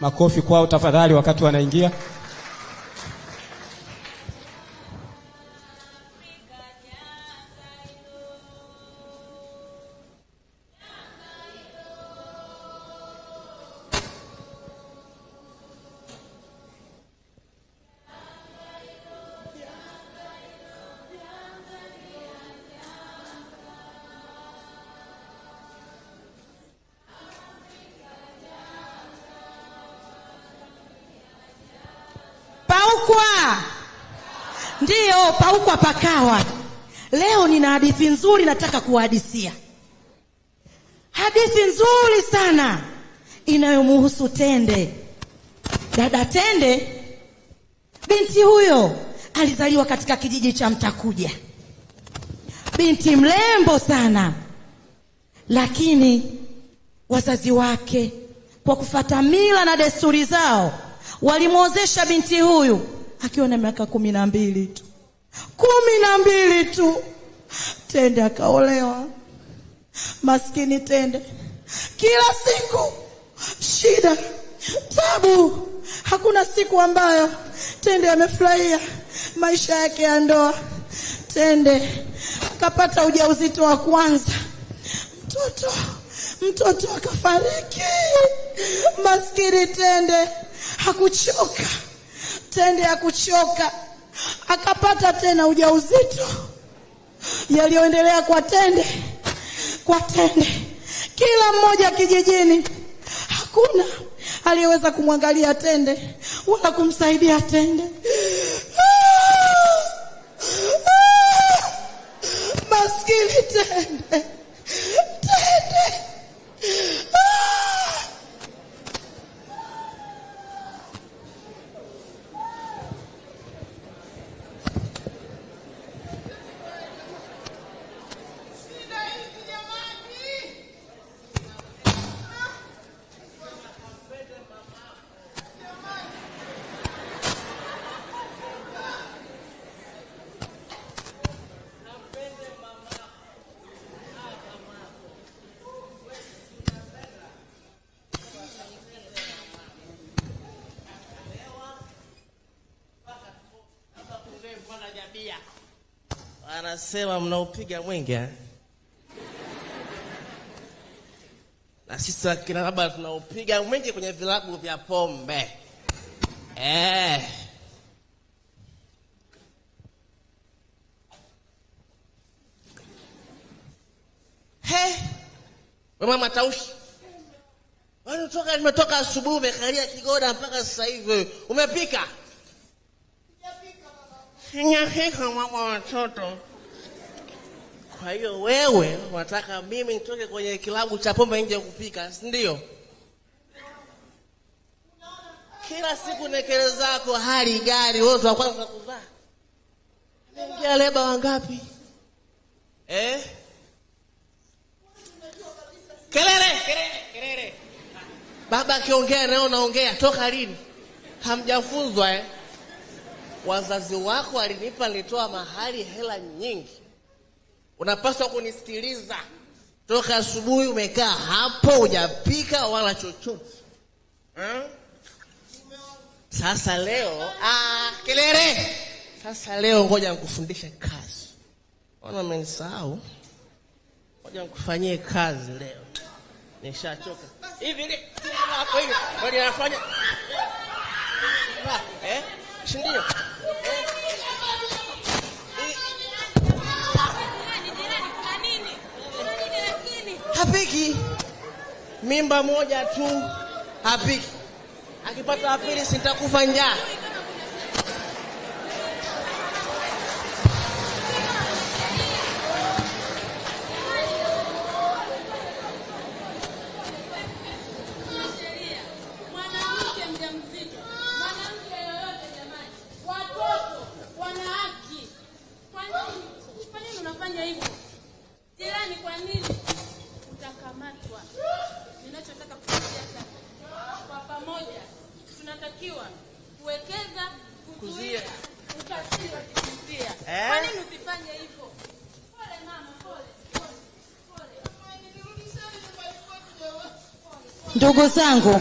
Makofi kwao tafadhali, wakati wanaingia. nzuri nataka kuwahadisia hadithi nzuri sana inayomhusu Tende. Dada Tende, binti huyo alizaliwa katika kijiji cha Mtakuja, binti mrembo sana, lakini wazazi wake kwa kufata mila na desturi zao walimwozesha binti huyu akiwa na miaka kumi na mbili tu, kumi na mbili tu Tende akaolewa, maskini Tende kila siku shida, tabu. Hakuna siku ambayo Tende amefurahia maisha yake ya ndoa. Tende akapata ujauzito wa kwanza, mtoto mtoto akafariki. Maskini Tende hakuchoka, Tende hakuchoka, akapata tena ujauzito yaliyoendelea kwa tende kwa tende, kila mmoja kijijini. Hakuna aliyeweza kumwangalia tende wala kumsaidia tende. anasema mnaopiga mwingi eh? na sisi akina baba tunaupiga mwingi kwenye vilabu vya pombe eh. Hey, mama Mataushi, toka nimetoka asubuhi, umekalia kigoda mpaka sasa hivi, umepika? Sijapika mama watoto kwa hiyo wewe unataka mimi nitoke kwenye kilabu cha pombe nje kupika, si ndio? Kila siku nekele zako, hali gari, wewe wa kwanza kuvaa. Naingia leba wangapi eh? Kelele, kelele, kelele. Baba akiongea nayo naongea toka lini? Hamjafunzwa eh? Wazazi wako walinipa, nilitoa mahali hela nyingi Unapaswa kunisikiliza toka asubuhi, umekaa hapo hujapika wala chochote hmm? Sasa leo ah, kelele. Sasa leo ngoja nikufundishe kazi. Ona umenisahau, ngoja nikufanyie kazi leo, nishachoka hivi hapo hivi, ngoja nafanya eh, hapiki, mimba moja tu hapiki, akipata apili sitakufa njaa. Ndugu zangu,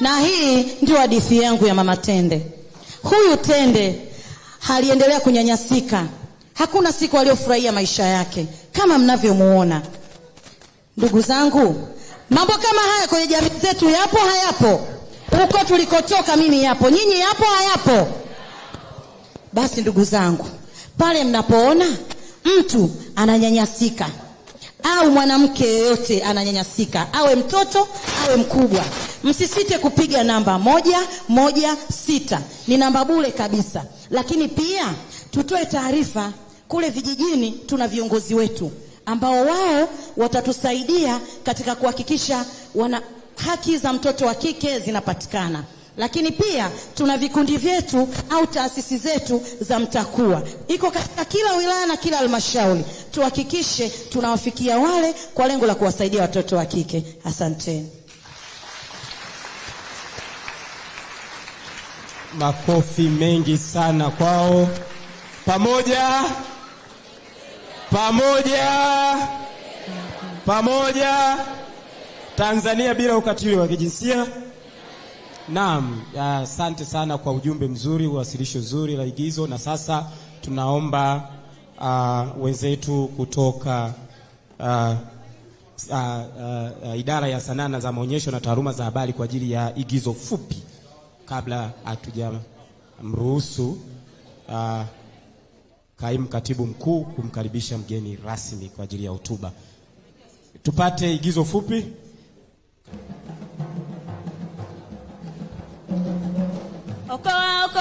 na hii ndio hadithi yangu ya mama Tende. Huyu Tende aliendelea kunyanyasika, hakuna siku aliyofurahia maisha yake kama mnavyomuona. Ndugu zangu, mambo kama haya kwenye jamii zetu yapo hayapo? Huko tulikotoka mimi yapo, nyinyi yapo hayapo? Basi ndugu zangu, pale mnapoona mtu ananyanyasika au mwanamke yeyote ananyanyasika, awe mtoto awe mkubwa. Msisite kupiga namba moja moja sita, ni namba bure kabisa. Lakini pia tutoe taarifa kule vijijini, tuna viongozi wetu ambao wao watatusaidia katika kuhakikisha wana haki za mtoto wa kike zinapatikana. Lakini pia tuna vikundi vyetu au taasisi zetu za mtakuwa, iko katika kila wilaya na kila halmashauri. Tuhakikishe tunawafikia wale kwa lengo la kuwasaidia watoto wa kike. Asanteni. Makofi mengi sana kwao. Pamoja pamoja pamoja, Tanzania bila ukatili wa kijinsia. Naam, asante sana kwa ujumbe mzuri, uwasilisho zuri la igizo, na sasa tunaomba uh, wenzetu kutoka uh, Uh, uh, uh, idara ya sanaa za maonyesho na taaluma za habari kwa ajili ya igizo fupi, kabla hatujamruhusu uh, kaimu katibu mkuu kumkaribisha mgeni rasmi kwa ajili ya hotuba, tupate igizo fupi. Coco,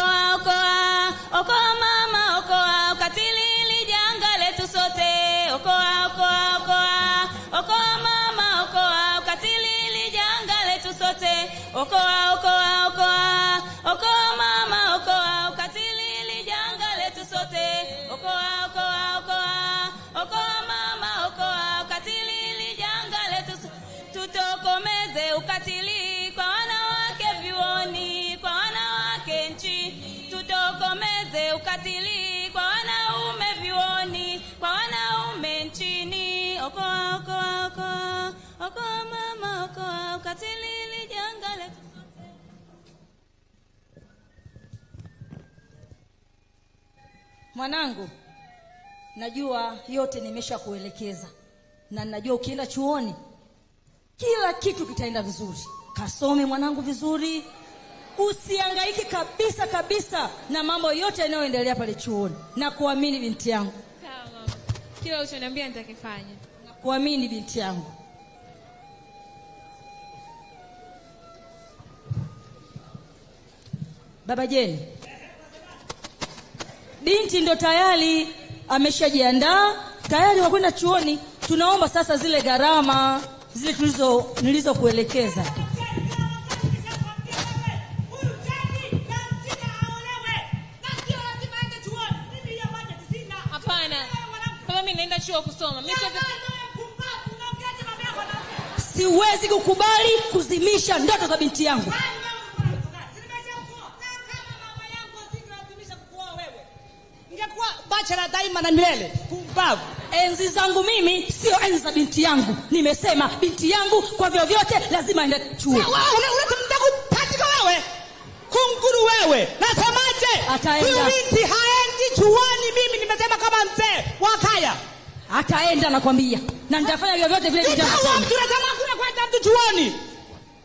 mwanangu, najua yote nimeshakuelekeza na najua ukienda chuoni kila kitu kitaenda vizuri. Kasome mwanangu vizuri, usihangaike kabisa kabisa na mambo yote yanayoendelea pale chuoni, na kuamini binti yangu. Sawa, kila uchoniambia nitakifanya. Na kuamini binti yangu. Baba Jeni binti ndo tayari ameshajiandaa tayari wakwenda chuoni. Tunaomba sasa zile gharama zile tulizo nilizokuelekeza siwezi kukubali kuzimisha ndoto za binti yangu. daima na milele kumbavu. Enzi zangu mimi sio enzi za binti yangu. Nimesema binti yangu kwa vyovyote lazima aende chuo. Unatakaje wewe kunguru wewe, nasemaje? Ataenda binti haendi chuoni, mimi nimesema kama mzee wa kaya ataenda nakwambia, na nitafanya vyovyote vile. kuna Kwenda mtu chuoni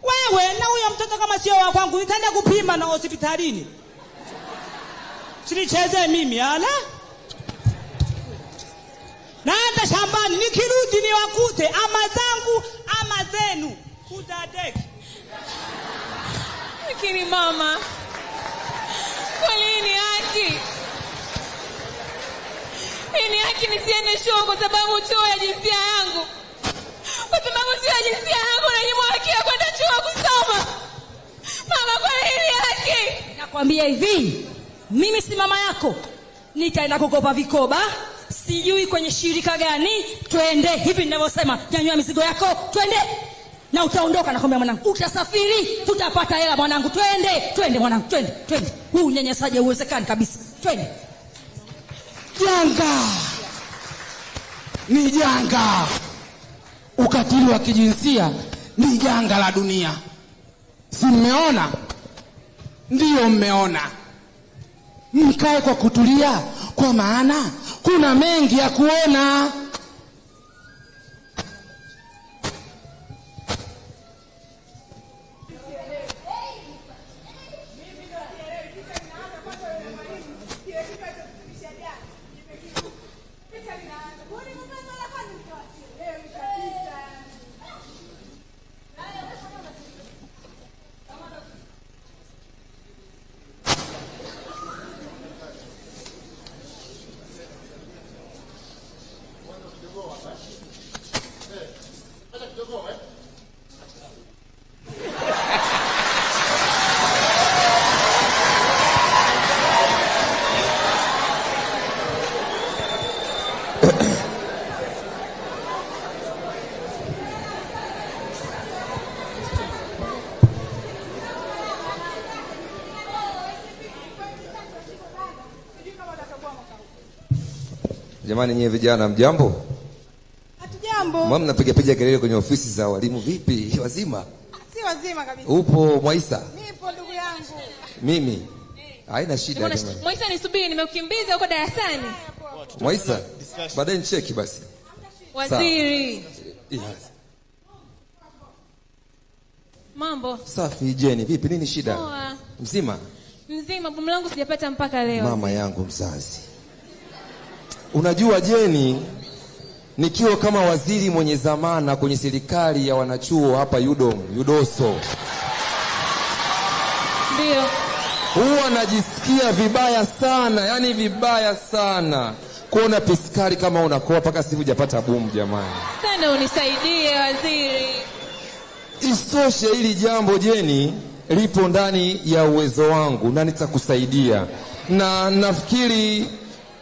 wewe na huyo mtoto kama sio wa kwangu, nitaenda kupima na hospitalini, sinicheze mimi ala naenda shambani, nikirudi niwakute ama zangu ama zenu. Kudadeki lakini mama, kweli haki? Hii ni haki nisiende shoo kwa sababu choo ya jinsia yangu, kwa sababu choo ya jinsia yangu nanyimwa haki ya kwenda chuo kusoma. Mama, kweli hii haki? Nakwambia hivi, mimi si mama yako, nitaenda kukopa vikoba sijui kwenye shirika gani, twende hivi ninavyosema, nyanyua mizigo yako, twende na utaondoka. Nakwambia mwanangu, utasafiri, tutapata hela mwanangu, twende, twende mwanangu, twende, twende. Huu unyenyesaji hauwezekani kabisa, twende. Janga ni janga, ukatili wa kijinsia ni janga la dunia, si mmeona? Ndiyo, mmeona. Mkae kwa kutulia, kwa maana kuna mengi ya kuona. Jamani nyewe vijana mjambo? Hatujambo. Mama mnapiga piga kelele kwenye ofisi za walimu vipi? Wazima? Ah, si wazima kabisa. Upo Mwaisa? Nipo ndugu yangu. Mimi. Eh. Haina shida jamani. Mwaisa nisubiri nimekukimbiza huko darasani. Ah, Mwaisa. Baadaye nicheki basi. Waziri. Yes. Mambo. Safi Jeni, vipi nini shida? Mzima? Mzima, bumlangu sijapata mpaka leo. Mama yangu mzazi. Unajua Jeni, nikiwa kama waziri mwenye zamana kwenye serikali ya wanachuo hapa Yudom, Yudoso, ndio huwa najisikia vibaya sana, yani vibaya sana kuona piskari kama unakoa mpaka sasa hujapata bumu. Jamani sana, unisaidie waziri. Isitoshe, hili jambo Jeni lipo ndani ya uwezo wangu na nitakusaidia, na nafikiri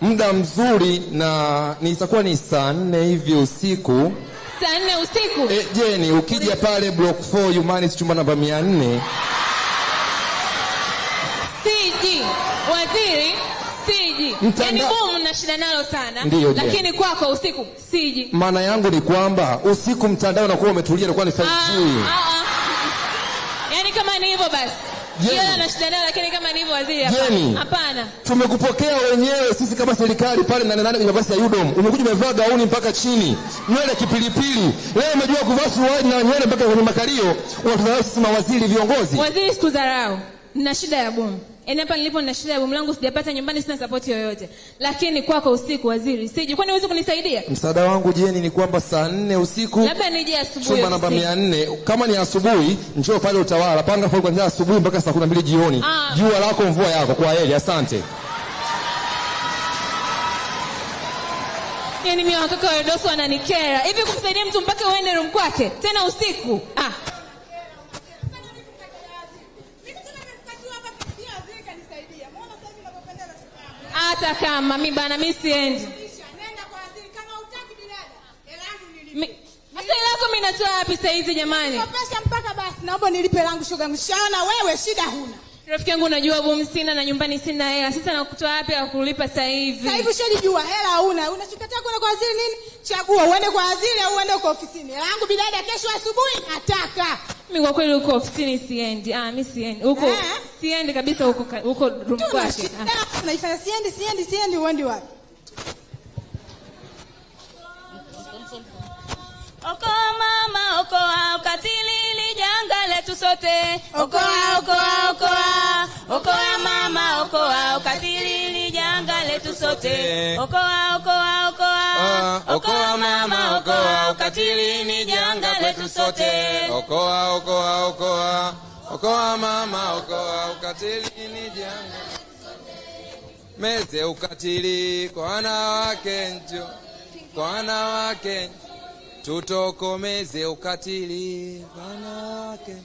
muda mzuri na nitakuwa ni saa nne hivi usiku. Saa nne usiku? E, eh, Jeni, ukija pale block 4 Humanist chumba namba 400 siji waziri siji yaani na shida nalo sana ndiyo, lakini yeah. Kwako usiku siji. Maana yangu ni kwamba usiku mtandao unakuwa umetulia, inakuwa ni 5G. Ah, ah, ah. Yaani kama ni hivyo basi Hapana. Tumekupokea wenyewe sisi kama serikali pale ndani kwenye basi ya Udom. Umekuja umevaa gauni mpaka chini, nywele kipilipili. Leo umejua kuvaa suruali na nywele mpaka kwenye makalio. Unatudharau sisi mawaziri, viongozi. Waziri sikudharau. Nina shida ya bomu. Yaani hapa nilipo na shida ya bomu langu sijapata nyumbani, sina support yoyote, lakini kwako kwa usiku, waziri siji, kwani huwezi kunisaidia? Msaada wangu jieni ni kwamba saa nne usiku, labda nije asubuhi, chumba namba mia nne kama ni asubuhi, njoo pale Utawala, panga foleni kuanzia asubuhi mpaka saa kumi na mbili jioni. Ah. Jua lako mvua yako. Kwa heli asante. Yaani mimi watoto wa Dosso wananikera hivi, kumsaidia mtu mpaka uende room kwake tena usiku ah. hata kama mi bana mi siendi lako mimi wapi jamani? mpaka basi naomba nilipe langu shoga wewe shida huna. Rafiki yangu unajua bomu sina na nyumbani sina hela. Sasa nakutoa wapi akulipa kulipa sasa hivi? Sasa hivi hela huna. Unachokataa kwa waziri nini? Chagua uende kwa waziri au uende kwa ofisini. Hela yangu bidada kesho asubuhi nataka. Mimi kwa kweli huko ofisini siendi. Ah, mimi siendi. Huko eh? siendi kabisa huko huko room kwake. Naifanya siendi, siendi, siendi uendi wapi? oko mama, okoa ukatili li janga letu sote. Okoa, okoa, okoa. Okoa mama, okoa ukatili li janga letu sote. Eh. Okoa, okoa, okoa okoa mama, okoa, ukatili ni janga letu sote. Okoa, okoa, okoa, okoa mama, okoa, ukatili ni janga meze ukatili kwa wanawake njo, kwa wanawake tutokomeze ukatili kwa wanawake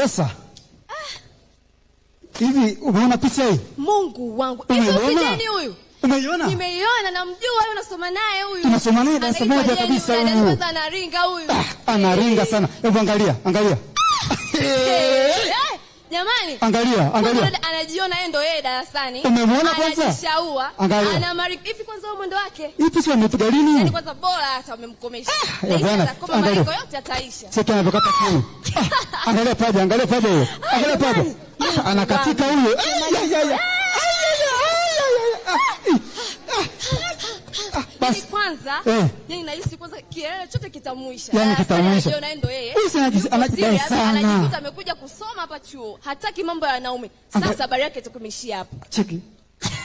Vanessa, hivi umeona picha hii? Mungu wangu, huyu umeiona? Nimeiona, na mjua huyu, unasoma naye huyu, tunasoma naye darasa moja kabisa. Huyu anaringa huyu, ah, anaringa sana. Hebu angalia, angalia ah! Jamani, angalia angalia, anajiona yeye ndo yeye darasani. Umemwona kwanza, Anashaua. angalia, ana mariki hivi. Kwanza huo mwendo wake hivi, si amepiga lini? Yaani kwanza bora hata umemkomesha. Ah, ya bwana, angalia yote ataisha. Sasa anapokata kiu, ah, angalia paja, angalia paja huyo. Ah, angalia paja, ah, anakatika huyo. Ah, basi kwanza yani eh. nahisi kwanza kielele chote kitamuisha, yani kitamuisha. Ndio naye ndo yeye anajidai sana, amekuja kusoma hapa chuo, hataki mambo ya wanaume. Sasa habari yake itakumishia hapo. Cheki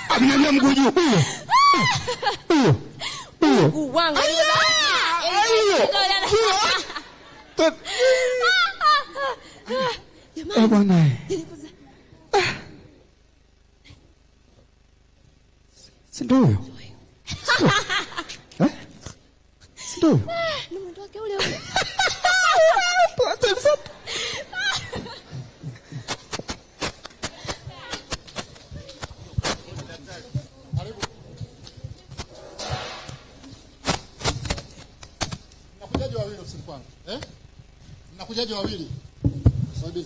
amnyanyua mguu juu, huyo huyo huyo, mguu wangu bwana si ndio huyo? tu? Ni mwendo wake ule ule. Mnakujaje Mnakujaje wawili? Eh? Subiri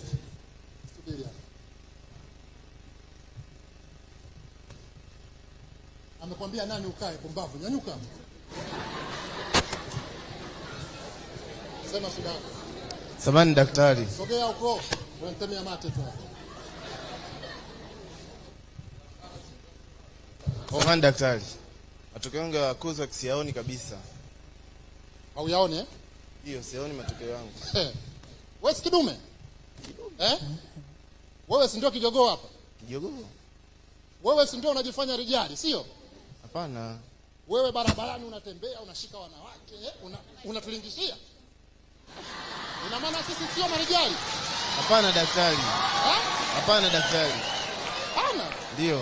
Amekwambia nani ukae pumbavu, nyanyuka. Sema shida yako. Samahani daktari. Sogea huko. Unanitemea mate tu. Samahani daktari. Matokeo yangu ya COSAC siyaoni kabisa. Au yaone? Eh? Hiyo siyaoni matokeo yangu. Eh. Wewe si kidume? Kidume. Eh? Wewe si ndio kijogoo hapa? Kijogoo. Wewe si ndio unajifanya rijali, sio? Hapana. Wewe barabarani unatembea unashika wanawake, eh? unatulingishia una Una maana sisi sio marejali? Hapana daktari. Hapana daktari. Hapana. Ndio.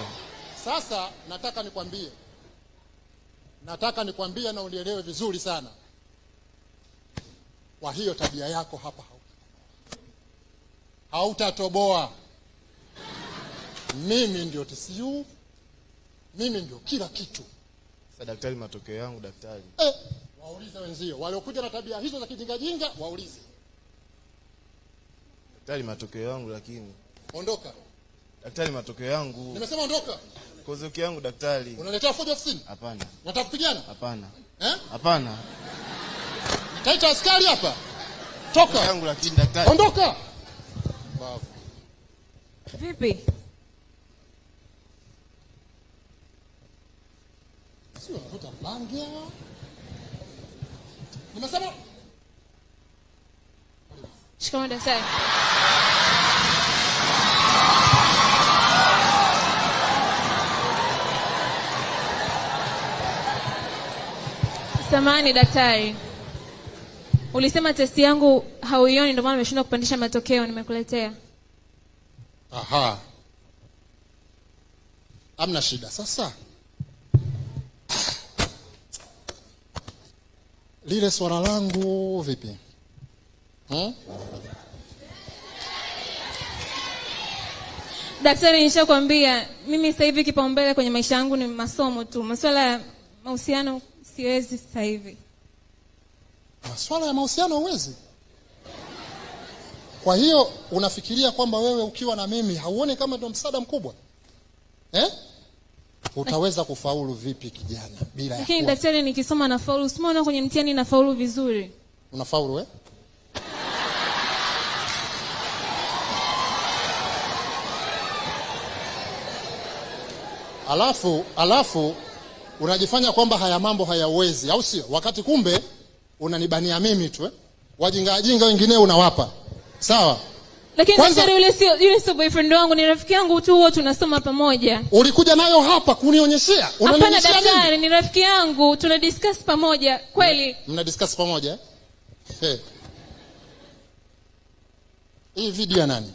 Sasa nataka nikwambie, nataka nikwambie na unielewe vizuri sana. Kwa hiyo tabia yako hapa hautatoboa. Mimi ndio TCU, mimi ndio kila kitu. Sasa daktari, matokeo yangu daktari, eh waulize wenzio waliokuja na tabia hizo za kijingajinga, waulize daktari, matokeo yangu. Lakini ondoka daktari, matokeo yangu. Nimesema ondoka, kozioki yangu daktari. Unaletea fujo ofisini? Hapana. Nataka kupigana? Hapana. Eh, hapana. Nitaita askari hapa. Toka yangu, lakini daktari, ondoka. Babu vipi? Sio, mtu bangi Nimesema shikamoo daktari. Samani daktari, ulisema testi yangu hauioni, ndio maana nimeshindwa kupandisha matokeo. Nimekuletea. Aha, amna shida. Sasa lile swala langu vipi hmm? Daktari, nishakwambia mimi sasa hivi kipaumbele kwenye maisha yangu ni masomo tu. maswala ya mahusiano siwezi sasa hivi. maswala ya mahusiano huwezi? Kwa hiyo unafikiria kwamba wewe ukiwa na mimi hauoni kama ndio msaada mkubwa eh? Utaweza kufaulu vipi kijana bila ya Lakini daktari nikisoma nafaulu, usimona kwenye mtihani nafaulu vizuri. Unafaulu we? Alafu alafu unajifanya kwamba haya mambo hayawezi, au sio? Wakati kumbe unanibania mimi tu eh? Wajinga wajinga wengine unawapa. Sawa? boyfriend wangu ni rafiki yangu tu tunasoma pamoja ulikuja nayo hapa kunionyeshea ni rafiki yangu tuna discuss pamoja kweli mna discuss pamoja hii video nani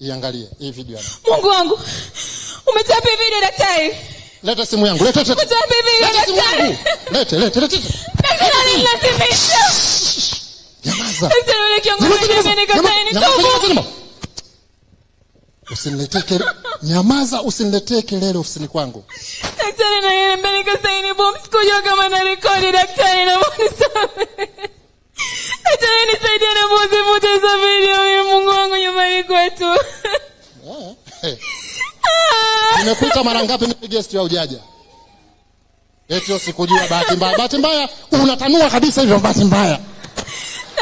iangalie hii video mungu wangu video daktari leta simu yangu leta leta leta simu yangu lete lete lete sasa. Usiniletee kelele. Nyamaza, usiniletee kelele ofisini kwangu. Daktari sikujua kama na rekodi. Daktari Daktari na mbuzi za video Mungu wangu nyumbani kwetu. Nimekuita mara ngapi mimi guest ujaja? Eti sikujua, bahati mbaya. Bahati mbaya unatanua kabisa hivyo bahati mbaya.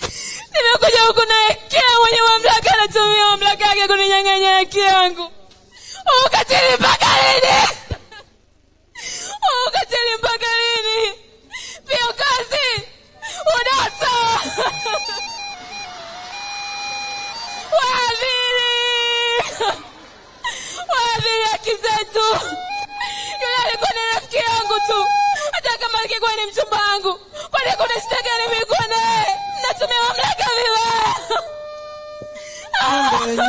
nimekuja huku naekea mwenye mamlaka anatumia mamlaka yake kuninyang'anya haki yangu ukatili mpaka lini ukatili mpaka lini pio kazi udasa wadhili wadhili haki zetu yule alikuwa ni rafiki yangu tu hata kama alikuwa ni mchumba wangu kwani kuna shida gani mikuwa naye tumewamlaga vibaya.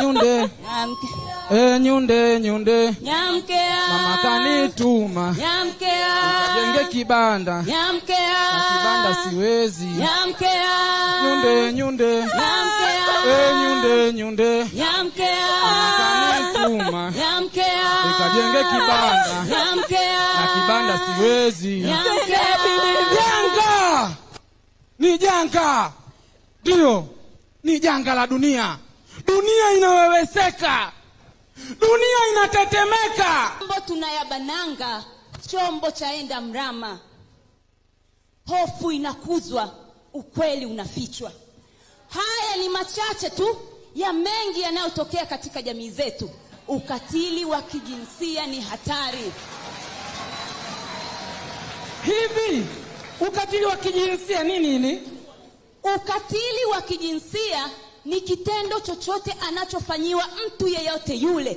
Nyunde, nyunde. E, nyunde, nyunde. Nyamkea. Eh, Mama kanituma. Nyamkea. Ukajenge kibanda. Nyamkea. kibanda siwezi. Nyamkea. Nyunde, nyunde. Nyamkea. E, eh, nyunde, nyunde. Nyamkea. kanituma. Nyamkea. Ukajenge kibanda. Nyamkea. kibanda siwezi. Nyamkea. Janga! Ni janga! Ndiyo, ni janga la dunia. Dunia inaweweseka, dunia inatetemeka. Chombo tunayabananga, chombo chaenda mrama, hofu inakuzwa, ukweli unafichwa. Haya ni machache tu ya mengi yanayotokea katika jamii zetu. Ukatili wa kijinsia ni hatari. Hivi ukatili wa kijinsia ni nini? Ukatili wa kijinsia ni kitendo chochote anachofanyiwa mtu yeyote yule,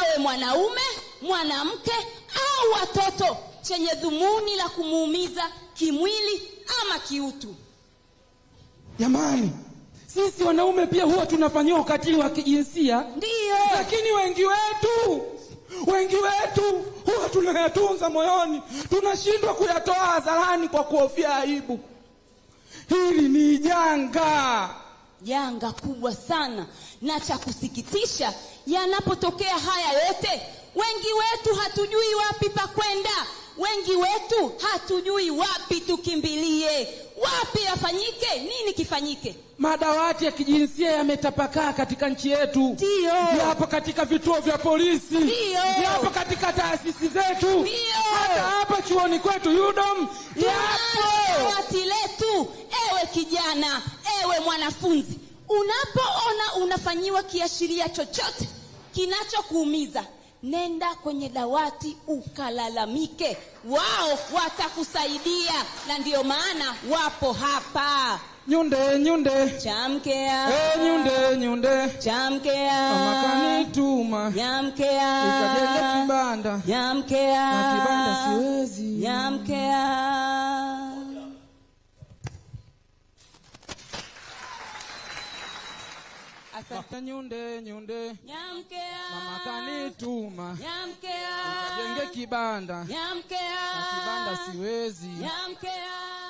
awe mwanaume, mwanamke au watoto, chenye dhumuni la kumuumiza kimwili ama kiutu. Jamani, sisi wanaume pia huwa tunafanyiwa ukatili wa kijinsia ndiyo, lakini wengi wetu wengi wetu huwa tunayatunza moyoni, tunashindwa kuyatoa hadharani kwa kuhofia aibu. Hili ni janga, janga kubwa sana na cha kusikitisha. Yanapotokea haya yote, wengi wetu hatujui wapi pa kwenda, wengi wetu hatujui wapi tukimbilie, wapi yafanyike nini kifanyike madawati ya kijinsia yametapakaa katika nchi yetu yapo katika vituo vya polisi yapo katika taasisi zetu hata hapa chuoni kwetu yudom yapo dawati letu ewe kijana ewe mwanafunzi unapoona unafanyiwa kiashiria chochote kinachokuumiza nenda kwenye dawati ukalalamike, wao watakusaidia, na ndio maana wapo hapa. Nyunde Nyunde chamkea, e eh, Nyunde Nyunde chamkea, amakanituma, yamkea, ikajenge kibanda yamkea, na kibanda siwezi yamkea Nyamkea. Nyunde, nyunde. Nyamkea. Mama kanituma. Nyamkea. Ukajenge kibanda. Nyamkea. kibanda siwezi. Nyamkea.